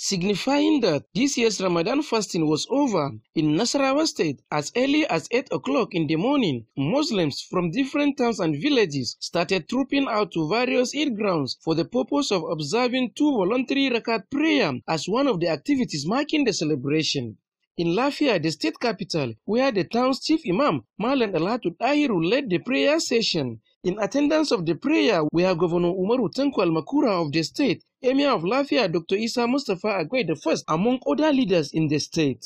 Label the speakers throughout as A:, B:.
A: signifying that this year's Ramadan fasting was over. In Nasarawa state, as early as 8 o'clock in the morning, Muslims from different towns and villages started trooping out to various Eid grounds for the purpose of observing two voluntary rakat prayer as one of the activities marking the celebration. In Lafia, the state capital, where the town's chief imam, Malan Alatu Dahiru led the prayer session, in attendance of the prayer we have Governor Umaru al Almakura of the state, Emir of Lafia Dr. Isa Mustafa Agwe first, among other leaders in the state.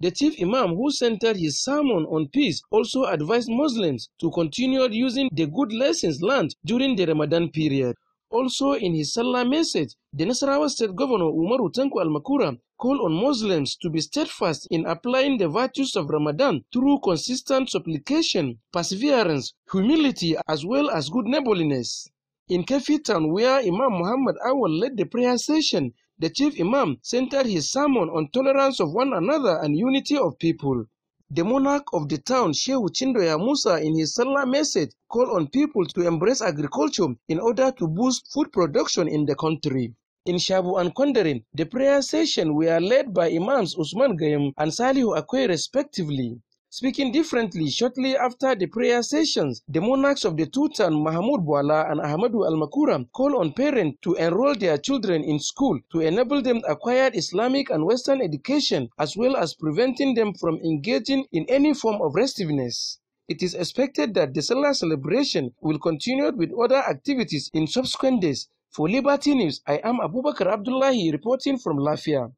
A: The chief imam who centered his sermon on peace also advised Muslims to continue using the good lessons learned during the Ramadan period. Also in his Salah message, the Nasarawa state governor Umaru al Almakura called on Muslims to be steadfast in applying the virtues of Ramadan through consistent supplication, perseverance, humility as well as good neighborliness. In Town, where Imam Muhammad Awal led the prayer session, the chief imam centered his sermon on tolerance of one another and unity of people. The monarch of the town, Shehu Chindoya Musa, in his Salah message, called on people to embrace agriculture in order to boost food production in the country. In Shabu and Kondarin, the prayer session were led by Imams Usman gayam and Salihu Akwe respectively. Speaking differently, shortly after the prayer sessions, the monarchs of the Tutan, Mahmoud Bouala and Ahmadu al Makuram call on parents to enroll their children in school to enable them to acquire Islamic and Western education as well as preventing them from engaging in any form of restiveness. It is expected that the Salah celebration will continue with other activities in subsequent days. For Liberty News, I am Abubakar Abdullahi reporting from Lafia.